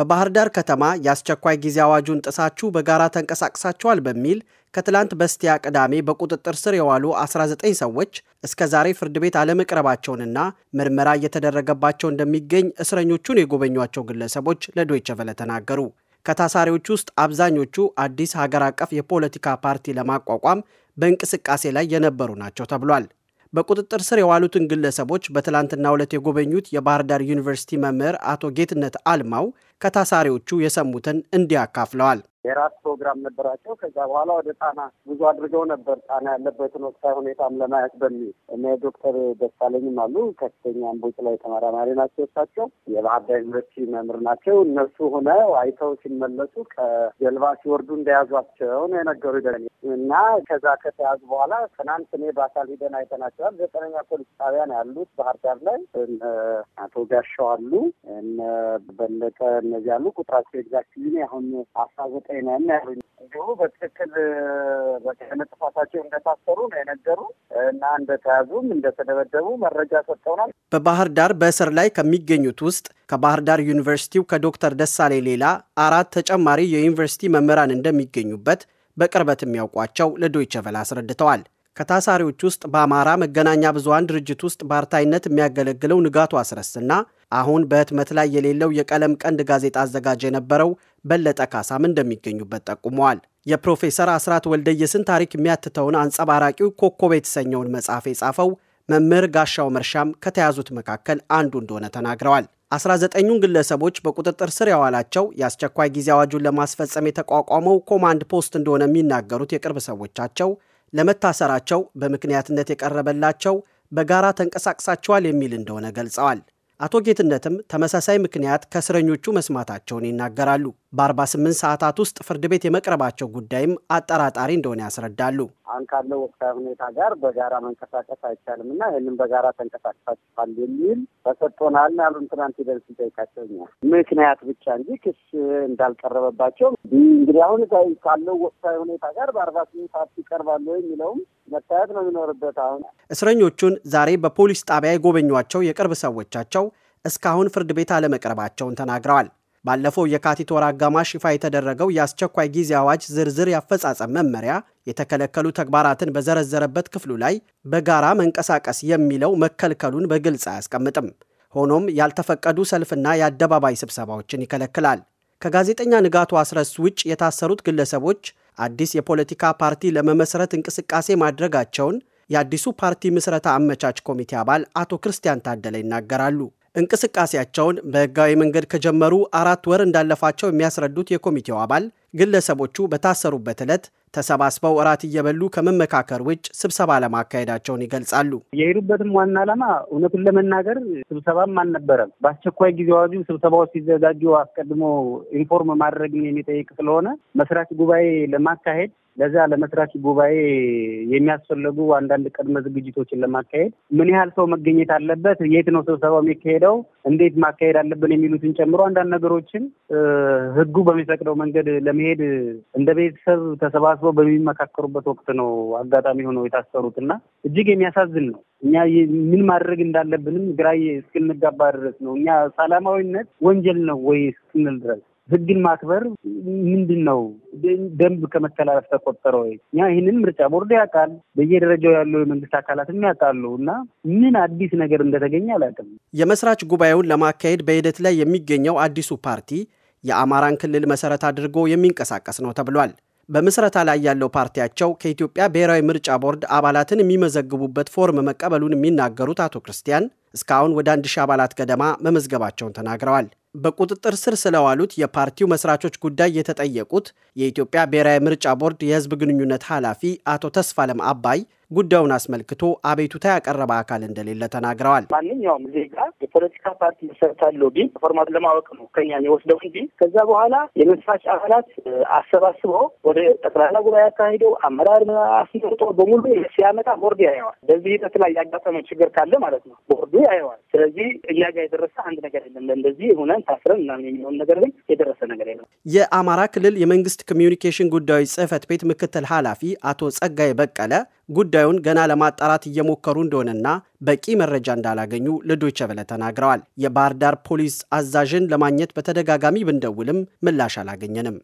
በባህር ዳር ከተማ የአስቸኳይ ጊዜ አዋጁን ጥሳችሁ በጋራ ተንቀሳቅሳችኋል በሚል ከትላንት በስቲያ ቅዳሜ በቁጥጥር ስር የዋሉ 19 ሰዎች እስከ ዛሬ ፍርድ ቤት አለመቅረባቸውንና ምርመራ እየተደረገባቸው እንደሚገኝ እስረኞቹን የጎበኟቸው ግለሰቦች ለዶይቸ ቨለ ተናገሩ። ከታሳሪዎቹ ውስጥ አብዛኞቹ አዲስ ሀገር አቀፍ የፖለቲካ ፓርቲ ለማቋቋም በእንቅስቃሴ ላይ የነበሩ ናቸው ተብሏል። በቁጥጥር ስር የዋሉትን ግለሰቦች በትላንትና ዕለት የጎበኙት የባህር ዳር ዩኒቨርሲቲ መምህር አቶ ጌትነት አልማው ከታሳሪዎቹ የሰሙትን እንዲያካፍለዋል። የራስ ፕሮግራም ነበራቸው። ከዛ በኋላ ወደ ጣና ብዙ አድርገው ነበር። ጣና ያለበትን ወቅታዊ ሁኔታም ለማየት በሚል እና የዶክተር ደሳለኝም አሉ ከፍተኛ እምቦጭ ላይ ተመራማሪ ናቸው። እሳቸው የባህር ዳር ዩኒቨርሲቲ መምህር ናቸው። እነሱ ሆነ አይተው ሲመለሱ ከጀልባ ሲወርዱ እንደያዟቸው ነው የነገሩ ደኔ እና ከዛ ከተያዙ በኋላ ትናንት እኔ በአካል ሂደን አይተናቸዋል። ዘጠነኛ ፖሊስ ጣቢያ ነው ያሉት ባህር ዳር ላይ አቶ ጋሻው አሉ፣ በለጠ እነዚህ አሉ። ቁጥራቸው ኤግዛክት ኤግዛክትሊ አሁን አስራ ዘጠኝ ነን ያሉኝ እንዲሁ በትክክል በቀደም ጥፋታቸው እንደታሰሩ ነው የነገሩ እና እንደተያዙም እንደተደበደቡ መረጃ ሰጥተውናል። በባህር ዳር በእስር ላይ ከሚገኙት ውስጥ ከባህር ዳር ዩኒቨርሲቲው ከዶክተር ደሳሌ ሌላ አራት ተጨማሪ የዩኒቨርሲቲ መምህራን እንደሚገኙበት በቅርበት የሚያውቋቸው ለዶይቸ ቬለ አስረድተዋል። ከታሳሪዎች ውስጥ በአማራ መገናኛ ብዙሃን ድርጅት ውስጥ በአርታይነት የሚያገለግለው ንጋቱ አስረስና አሁን በህትመት ላይ የሌለው የቀለም ቀንድ ጋዜጣ አዘጋጅ የነበረው በለጠ ካሳም እንደሚገኙበት ጠቁመዋል። የፕሮፌሰር አስራት ወልደየስን ታሪክ የሚያትተውን አንጸባራቂው ኮከብ የተሰኘውን መጽሐፍ የጻፈው መምህር ጋሻው መርሻም ከተያዙት መካከል አንዱ እንደሆነ ተናግረዋል። 19ኙን ግለሰቦች በቁጥጥር ስር ያዋላቸው የአስቸኳይ ጊዜ አዋጁን ለማስፈጸም የተቋቋመው ኮማንድ ፖስት እንደሆነ የሚናገሩት የቅርብ ሰዎቻቸው ለመታሰራቸው በምክንያትነት የቀረበላቸው በጋራ ተንቀሳቅሳቸዋል የሚል እንደሆነ ገልጸዋል። አቶ ጌትነትም ተመሳሳይ ምክንያት ከእስረኞቹ መስማታቸውን ይናገራሉ። በ48 ሰዓታት ውስጥ ፍርድ ቤት የመቅረባቸው ጉዳይም አጠራጣሪ እንደሆነ ያስረዳሉ። አሁን ካለው ወቅታዊ ሁኔታ ጋር በጋራ መንቀሳቀስ አይቻልም እና ይህንም በጋራ ተንቀሳቀሳችኋል የሚል ተሰጥቶናል ያሉን ትናንት ሂደን ስንጠይቃቸው ምክንያት ብቻ እንጂ ክስ እንዳልቀረበባቸው እንግዲህ አሁን ካለው ወቅታዊ ሁኔታ ጋር በአርባ ስምንት ሰዓት ይቀርባሉ የሚለውም መታየት ነው የሚኖርበት። አሁን እስረኞቹን ዛሬ በፖሊስ ጣቢያ የጎበኟቸው የቅርብ ሰዎቻቸው እስካሁን ፍርድ ቤት አለመቅረባቸውን ተናግረዋል። ባለፈው የካቲት ወር አጋማሽ ይፋ የተደረገው የአስቸኳይ ጊዜ አዋጅ ዝርዝር የአፈጻጸም መመሪያ የተከለከሉ ተግባራትን በዘረዘረበት ክፍሉ ላይ በጋራ መንቀሳቀስ የሚለው መከልከሉን በግልጽ አያስቀምጥም። ሆኖም ያልተፈቀዱ ሰልፍና የአደባባይ ስብሰባዎችን ይከለክላል። ከጋዜጠኛ ንጋቱ አስረስ ውጭ የታሰሩት ግለሰቦች አዲስ የፖለቲካ ፓርቲ ለመመስረት እንቅስቃሴ ማድረጋቸውን የአዲሱ ፓርቲ ምስረታ አመቻች ኮሚቴ አባል አቶ ክርስቲያን ታደለ ይናገራሉ። እንቅስቃሴያቸውን በህጋዊ መንገድ ከጀመሩ አራት ወር እንዳለፋቸው የሚያስረዱት የኮሚቴው አባል ግለሰቦቹ በታሰሩበት ዕለት ተሰባስበው እራት እየበሉ ከመመካከር ውጭ ስብሰባ ለማካሄዳቸውን ይገልጻሉ። የሄዱበትም ዋና ዓላማ እውነቱን ለመናገር ስብሰባም አልነበረም። በአስቸኳይ ጊዜ አዋጁ ስብሰባዎች ሲዘጋጁ አስቀድሞ ኢንፎርም ማድረግን የሚጠይቅ ስለሆነ መስራች ጉባኤ ለማካሄድ ለዛ ለመስራች ጉባኤ የሚያስፈለጉ አንዳንድ ቅድመ ዝግጅቶችን ለማካሄድ ምን ያህል ሰው መገኘት አለበት፣ የት ነው ስብሰባው የሚካሄደው፣ እንዴት ማካሄድ አለብን የሚሉትን ጨምሮ አንዳንድ ነገሮችን ህጉ በሚፈቅደው መንገድ ለመሄድ እንደ ቤተሰብ ተሰባ ተሳስበው በሚመካከሩበት ወቅት ነው አጋጣሚ ሆነው የታሰሩት እና እጅግ የሚያሳዝን ነው። እኛ ምን ማድረግ እንዳለብንም ግራ እስክንጋባ ድረስ ነው። እኛ ሰላማዊነት ወንጀል ነው ወይ እስክንል ድረስ ህግን ማክበር ምንድን ነው? ደንብ ከመተላለፍ ተቆጠረ ወይ? እኛ ይህንን ምርጫ ቦርድ ያውቃል፣ በየደረጃው ያለው የመንግስት አካላትም ያውቃሉ። እና ምን አዲስ ነገር እንደተገኘ አላውቅም። የመስራች ጉባኤውን ለማካሄድ በሂደት ላይ የሚገኘው አዲሱ ፓርቲ የአማራን ክልል መሰረት አድርጎ የሚንቀሳቀስ ነው ተብሏል። በምስረታ ላይ ያለው ፓርቲያቸው ከኢትዮጵያ ብሔራዊ ምርጫ ቦርድ አባላትን የሚመዘግቡበት ፎርም መቀበሉን የሚናገሩት አቶ ክርስቲያን እስካሁን ወደ አንድ ሺህ አባላት ገደማ መመዝገባቸውን ተናግረዋል። በቁጥጥር ስር ስለዋሉት የፓርቲው መስራቾች ጉዳይ የተጠየቁት የኢትዮጵያ ብሔራዊ ምርጫ ቦርድ የህዝብ ግንኙነት ኃላፊ አቶ ተስፋለም አባይ ጉዳዩን አስመልክቶ አቤቱታ ያቀረበ አካል እንደሌለ ተናግረዋል። ማንኛውም ዜጋ የፖለቲካ ፓርቲ መሰረታለሁ ቢል ፎርማት ለማወቅ ነው ከኛ የወስደው እንጂ ከዛ በኋላ የመስራች አካላት አሰባስበው ወደ ጠቅላላ ጉባኤ አካሂደው አመራር አስመርጦ በሙሉ ሲያመጣ ቦርድ ያየዋል። በዚህ ሂደት ላይ ያጋጠመው ችግር ካለ ማለት ነው ቦርዱ ያየዋል። ስለዚህ እኛ ጋር የደረሰ አንድ ነገር የለም። እንደዚህ ሆነን ታስረን ምናምን የሚሆን ነገር ግን የደረሰ ነገር የለም። የአማራ ክልል የመንግስት ኮሚዩኒኬሽን ጉዳዮች ጽህፈት ቤት ምክትል ኃላፊ አቶ ጸጋይ በቀለ ጉዳዩ ጉዳዩን ገና ለማጣራት እየሞከሩ እንደሆነና በቂ መረጃ እንዳላገኙ ለዶይቸ ቬለ ተናግረዋል። የባህር ዳር ፖሊስ አዛዥን ለማግኘት በተደጋጋሚ ብንደውልም ምላሽ አላገኘንም።